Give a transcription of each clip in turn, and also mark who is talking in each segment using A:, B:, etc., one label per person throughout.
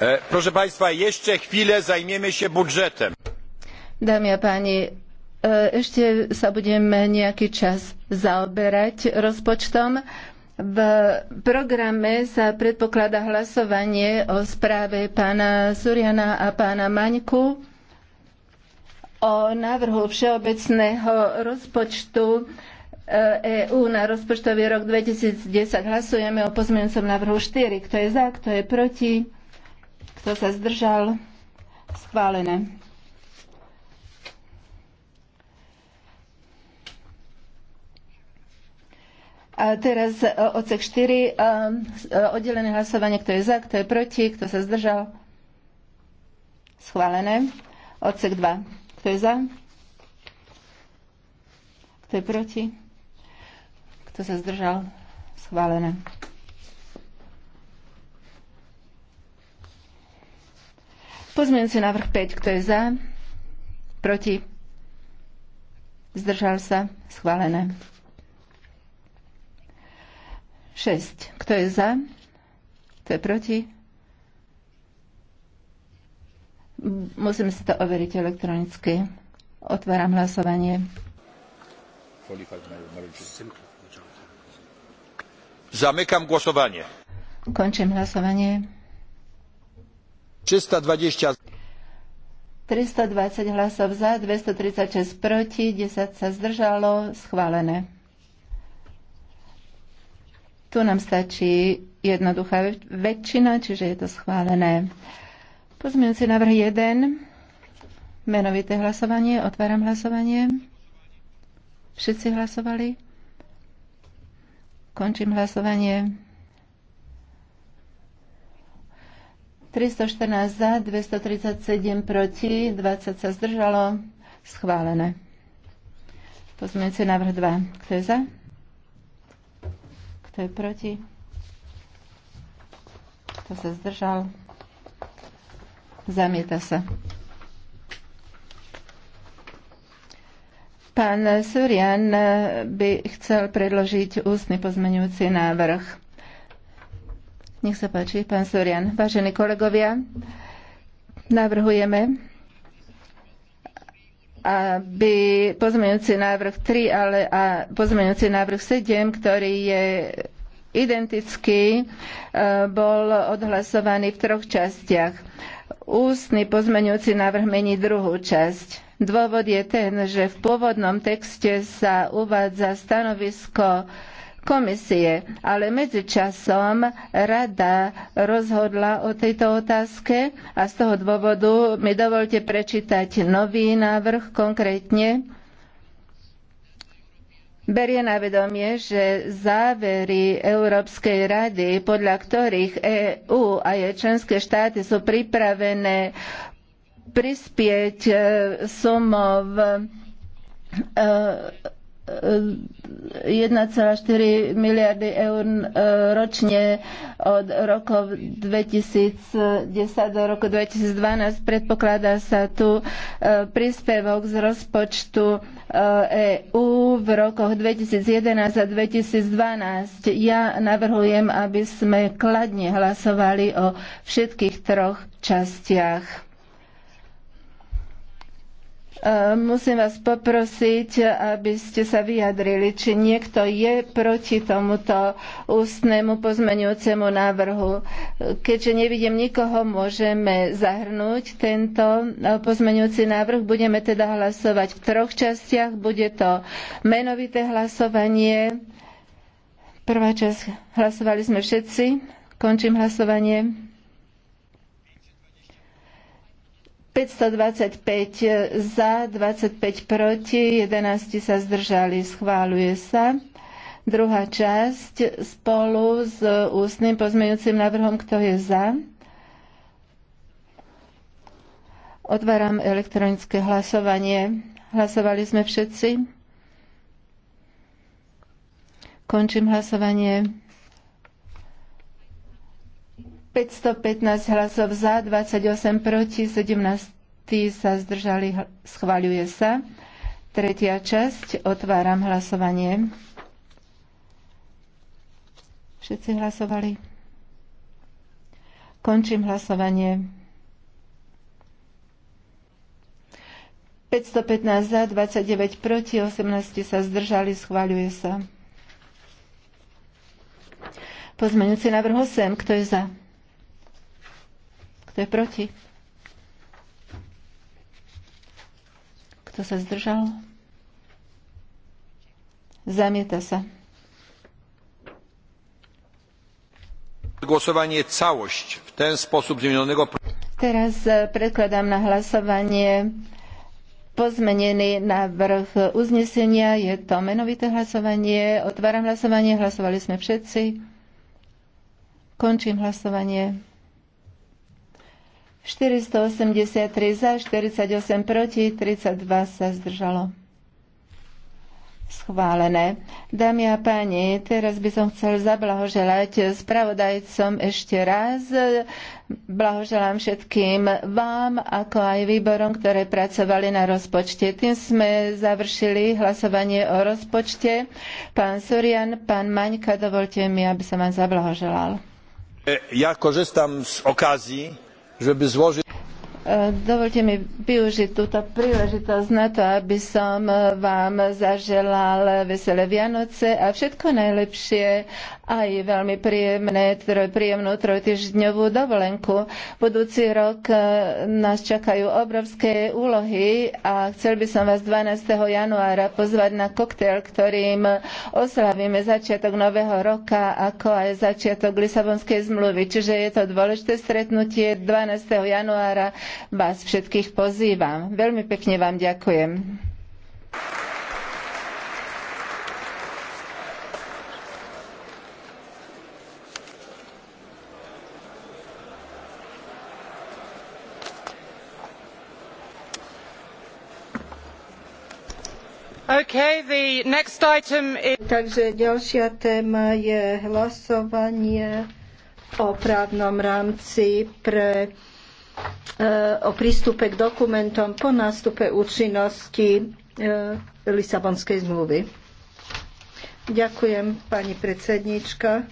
A: E, proszę Państwa, jeszcze chwilę zajmiemy się budżetem.
B: Dámy a páni, e, ešte sa budeme nejaký čas zaoberať rozpočtom. V programe sa predpokladá hlasovanie o správe pána Suriana a pána Maňku o návrhu všeobecného rozpočtu EÚ e na rozpočtový rok 2010. Hlasujeme o pozmeňujúcom návrhu 4. Kto je za, kto je proti? Kto sa zdržal? Schválené. A teraz e, odsek 4, e, e, oddelené hlasovanie, kto je za, kto je proti, kto sa zdržal. Schválené. Odsek 2, kto je za, kto je proti, kto sa zdržal. Schválené. Pozmeňujúci návrh 5. Kto je za? Proti? Zdržal sa? Schválené. 6. Kto je za? Kto je proti? Musím si to overiť elektronicky. Otváram hlasovanie.
A: Zamykam głosowanie.
B: Kończę głosowanie.
A: 320.
B: 320 hlasov za, 236 proti, 10 sa zdržalo, schválené. Tu nám stačí jednoduchá väčšina, čiže je to schválené. Pozmienujúci návrh 1. Menovité hlasovanie. Otváram hlasovanie. Všetci hlasovali? Končím hlasovanie. 314 za, 237 proti, 20 sa zdržalo. Schválené. Pozmeňujúci návrh 2. Kto je za? Kto je proti? Kto sa zdržal? Zamieta sa. Pán Surian by chcel predložiť ústny pozmeňujúci návrh. Nech sa páči, pán Sorian. Vážení kolegovia, navrhujeme, aby pozmeňujúci návrh 3 ale a pozmeňujúci návrh 7, ktorý je identický, e, bol odhlasovaný v troch častiach. Ústny pozmeňujúci návrh mení druhú časť. Dôvod je ten, že v pôvodnom texte sa uvádza stanovisko komisie. Ale medzičasom rada rozhodla o tejto otázke a z toho dôvodu mi dovolte prečítať nový návrh konkrétne berie na vedomie, že závery Európskej rady, podľa ktorých EÚ a jej členské štáty sú pripravené prispieť e, sumov e, 1,4 miliardy eur e, ročne od rokov 2010 do roku 2012. Predpokladá sa tu e, príspevok z rozpočtu EÚ e v rokoch 2011 a 2012. Ja navrhujem, aby sme kladne hlasovali o všetkých troch častiach. E, musím vás poprosiť, aby ste sa vyjadrili, či niekto je proti tomuto ústnemu pozmeňujúcemu návrhu. Keďže nevidím nikoho, môžeme zahrnúť tento e, pozmeňujúci návrh. Budeme teda hlasovať v troch častiach. Bude to menovité hlasovanie. Prvá časť hlasovali sme všetci. Končím hlasovanie. 525 za, 25 proti, 11 sa zdržali, schváluje sa. Druhá časť spolu s ústnym pozmeňujúcim návrhom, kto je za. Otváram elektronické hlasovanie. Hlasovali sme všetci. Končím hlasovanie. 515 hlasov za, 28 proti, 17 sa zdržali, schváľuje sa. Tretia časť, otváram hlasovanie. Všetci hlasovali? Končím hlasovanie. 515 za, 29 proti, 18 sa zdržali, schváľuje sa. Pozmeňujúci návrh 8, kto je za? Kto je proti? Kto sa zdržal? Zamieta sa.
A: Głosowanie całość w ten sposób zmienionego.
B: Teraz e, predkladám na hlasovanie na návrh uznesenia. Je to menovité hlasovanie. Otváram hlasovanie. Hlasovali sme všetci. Končím hlasovanie. 483 za, 48 proti, 32 sa zdržalo. Schválené. Dámy a páni, teraz by som chcel zablahoželať spravodajcom ešte raz. Blahoželám všetkým vám, ako aj výborom, ktoré pracovali na rozpočte. Tým sme završili hlasovanie o rozpočte. Pán Surian, pán Maňka, dovolte mi, aby som vám zablahoželal.
A: Ja korzystam z okazí żeby złożyć
B: E, dovolte mi využiť túto príležitosť na to, aby som e, vám zaželal veselé Vianoce a všetko najlepšie aj veľmi príjemné, troj, príjemnú trojtyždňovú dovolenku. Budúci rok e, nás čakajú obrovské úlohy a chcel by som vás 12. januára pozvať na koktail, ktorým oslavíme začiatok nového roka, ako aj začiatok Lisabonskej zmluvy. Čiže je to dôležité stretnutie 12. januára vás všetkých pozývam. Veľmi pekne vám ďakujem. Okay, is...
A: Takže ďalšia téma je hlasovanie o právnom rámci pre Eh, o prístupe k dokumentom po nástupe účinnosti eh, Lisabonskej zmluvy. Ďakujem, pani predsednička.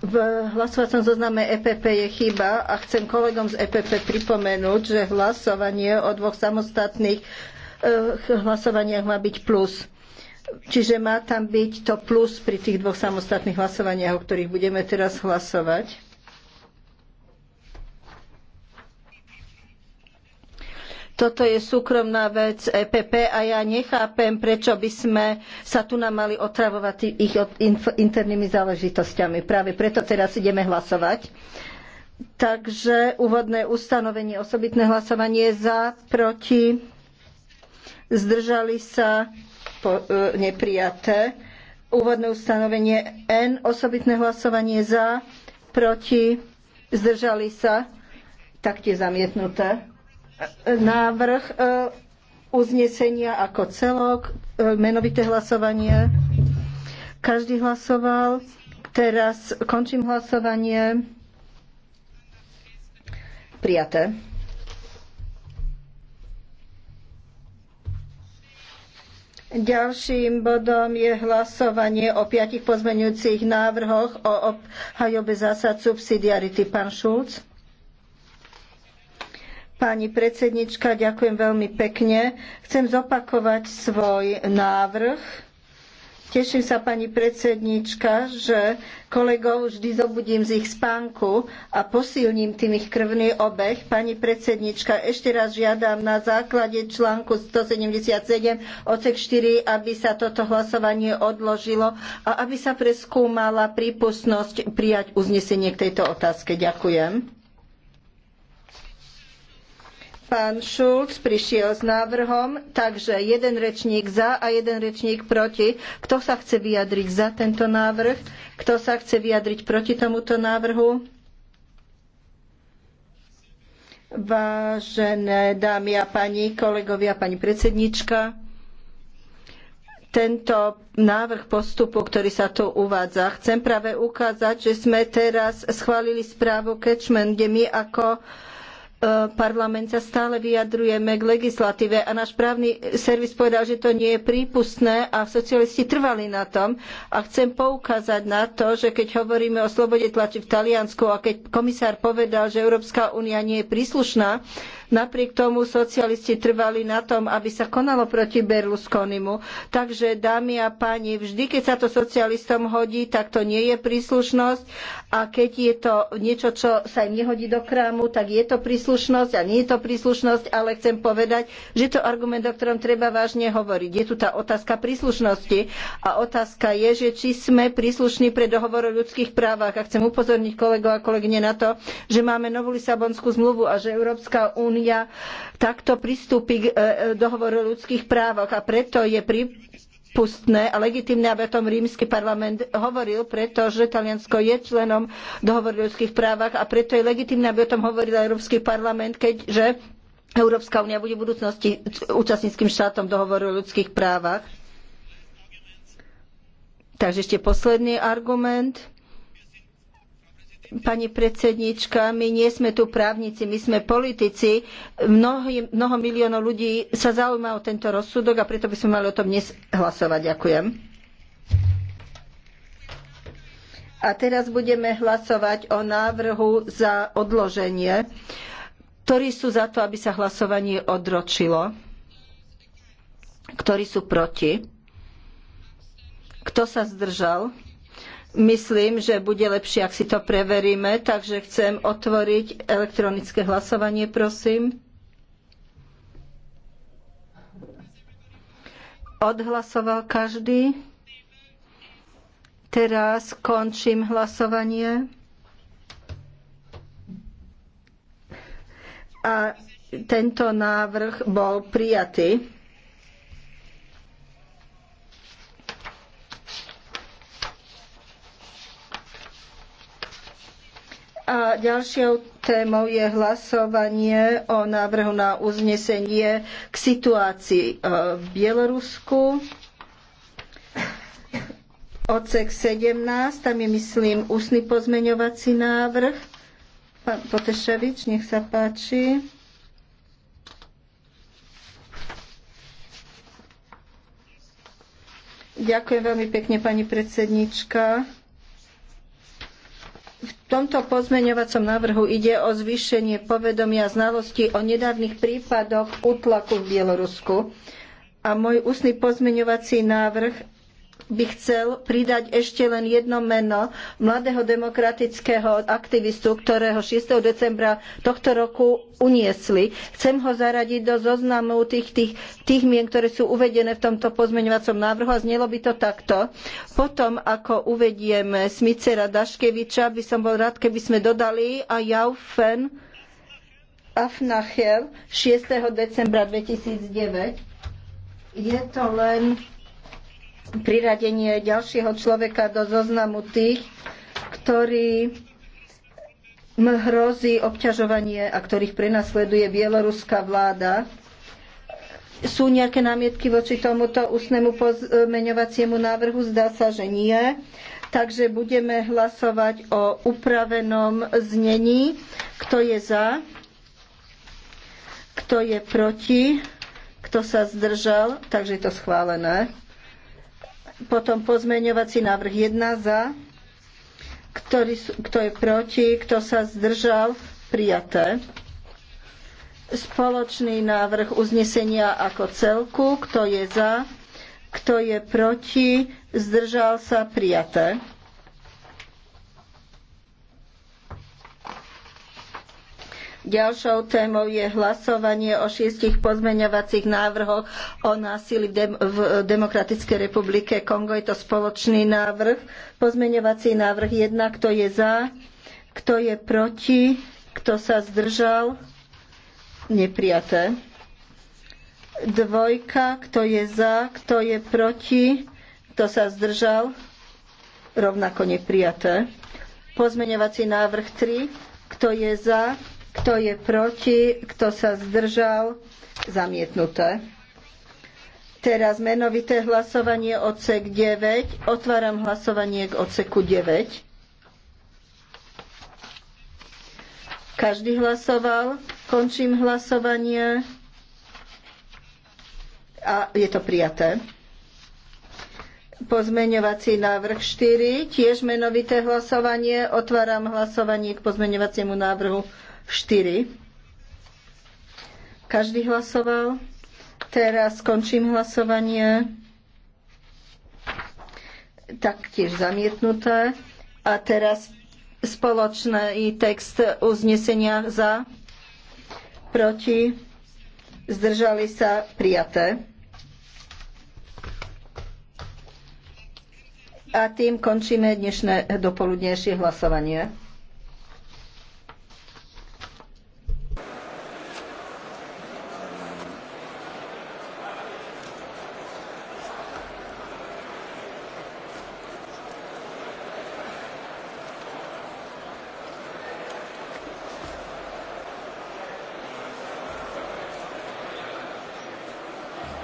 A: V hlasovacom zozname EPP je chyba a chcem kolegom z EPP pripomenúť, že hlasovanie o dvoch samostatných eh, hlasovaniach má byť plus. Čiže má tam byť to plus pri tých dvoch samostatných hlasovaniach, o ktorých budeme teraz hlasovať. Toto je súkromná vec EPP a ja nechápem, prečo by sme sa tu nám mali otravovať ich internými záležitosťami. Práve preto teraz ideme hlasovať. Takže úvodné ustanovenie, osobitné hlasovanie za, proti, zdržali sa, po, e, neprijaté. Úvodné ustanovenie N, osobitné hlasovanie za, proti, zdržali sa, taktiež zamietnuté návrh e, uznesenia ako celok, e, menovité hlasovanie. Každý hlasoval. Teraz končím hlasovanie. Prijaté. Ďalším bodom je hlasovanie o piatich pozmeňujúcich návrhoch o obhajobe zásad subsidiarity. Pán Šulc. Pani predsednička, ďakujem veľmi pekne. Chcem zopakovať svoj návrh. Teším sa, pani predsednička, že kolegov vždy zobudím z ich spánku a posilním tým ich krvný obeh. Pani predsednička, ešte raz žiadam na základe článku 177 odsek 4, aby sa toto hlasovanie odložilo a aby sa preskúmala prípustnosť prijať uznesenie k tejto otázke. Ďakujem. Pán Šulc prišiel s návrhom, takže jeden rečník za a jeden rečník proti. Kto sa chce vyjadriť za tento návrh? Kto sa chce vyjadriť proti tomuto návrhu? Vážené dámy a pani, kolegovia, pani predsednička, tento návrh postupu, ktorý sa tu uvádza. Chcem práve ukázať, že sme teraz schválili správu Kečmen, kde my ako E, parlament sa stále vyjadrujeme k legislatíve a náš právny servis povedal, že to nie je prípustné a socialisti trvali na tom. A chcem poukázať na to, že keď hovoríme o slobode tlači v Taliansku a keď komisár povedal, že Európska únia nie je príslušná, Napriek tomu socialisti trvali na tom, aby sa konalo proti Berlusconimu. Takže, dámy a páni, vždy, keď sa to socialistom hodí, tak to nie je príslušnosť a keď je to niečo, čo sa im nehodí do krámu, tak je to príslušnosť a nie je to príslušnosť, ale chcem povedať, že to argument, o ktorom treba vážne hovoriť. Je tu tá otázka príslušnosti a otázka je, že či sme príslušní pre dohovor o ľudských právach. A chcem upozorniť kolegov a kolegyne na to, že máme novú Lisabonskú zmluvu a že Európska únia únia takto pristúpi k e, e, dohovoru o ľudských právoch a preto je pri prípustné a legitimné, aby o tom rímsky parlament hovoril, pretože Taliansko je členom dohovoru o ľudských právach a preto je legitimné, aby o tom hovoril Európsky parlament, keďže Európska únia bude v budúcnosti účastníckým štátom dohovoru o ľudských právach. Takže ešte posledný argument. Pani predsednička, my nie sme tu právnici, my sme politici. Mnohý, mnoho miliónov ľudí sa zaujíma o tento rozsudok a preto by sme mali o tom dnes hlasovať. Ďakujem. A teraz budeme hlasovať o návrhu za odloženie, ktorí sú za to, aby sa hlasovanie odročilo, ktorí sú proti. Kto sa zdržal? Myslím, že bude lepšie, ak si to preveríme, takže chcem otvoriť elektronické hlasovanie, prosím. Odhlasoval každý. Teraz končím hlasovanie. A tento návrh bol prijatý. ďalšou témou je hlasovanie o návrhu na uznesenie k situácii e, v Bielorusku. Odsek 17, tam je myslím ústny pozmeňovací návrh. Pán Poteševič, nech sa páči. Ďakujem veľmi pekne, pani predsednička. V tomto pozmeňovacom návrhu ide o zvýšenie povedomia znalosti o nedávnych prípadoch útlaku v Bielorusku. A môj ústny pozmeňovací návrh by chcel pridať ešte len jedno meno mladého demokratického aktivistu, ktorého 6. decembra tohto roku uniesli. Chcem ho zaradiť do zoznamu tých, tých, tých mien, ktoré sú uvedené v tomto pozmeňovacom návrhu a znelo by to takto. Potom, ako uvedieme Smicera Daškeviča, by som bol rád, keby sme dodali a Jaufen Afnachel 6. decembra 2009. Je to len priradenie ďalšieho človeka do zoznamu tých, ktorí hrozí obťažovanie a ktorých prenasleduje bieloruská vláda. Sú nejaké námietky voči tomuto ústnemu pozmeňovaciemu návrhu? Zdá sa, že nie. Takže budeme hlasovať o upravenom znení. Kto je za? Kto je proti? Kto sa zdržal? Takže je to schválené. Potom pozmeňovací návrh 1 za, ktorý, kto je proti, kto sa zdržal, prijaté. Spoločný návrh uznesenia ako celku, kto je za, kto je proti, zdržal sa, prijaté. Ďalšou témou je hlasovanie o šiestich pozmeňovacích návrhoch o násilí v, Demokratickej republike Kongo. Je to spoločný návrh. Pozmeňovací návrh 1. Kto je za? Kto je proti? Kto sa zdržal? Neprijaté. Dvojka. Kto je za? Kto je proti? Kto sa zdržal? Rovnako neprijaté. Pozmeňovací návrh 3. Kto je za? Kto je proti? Kto sa zdržal? Zamietnuté. Teraz menovité hlasovanie odsek 9. Otváram hlasovanie k odseku 9. Každý hlasoval. Končím hlasovanie. A je to prijaté. Pozmeňovací návrh 4. Tiež menovité hlasovanie. Otváram hlasovanie k pozmeňovaciemu návrhu 4. Každý hlasoval. Teraz skončím hlasovanie. Taktiež zamietnuté. A teraz spoločný text uznesenia za, proti, zdržali sa prijaté. A tým končíme dnešné dopoludnejšie hlasovanie.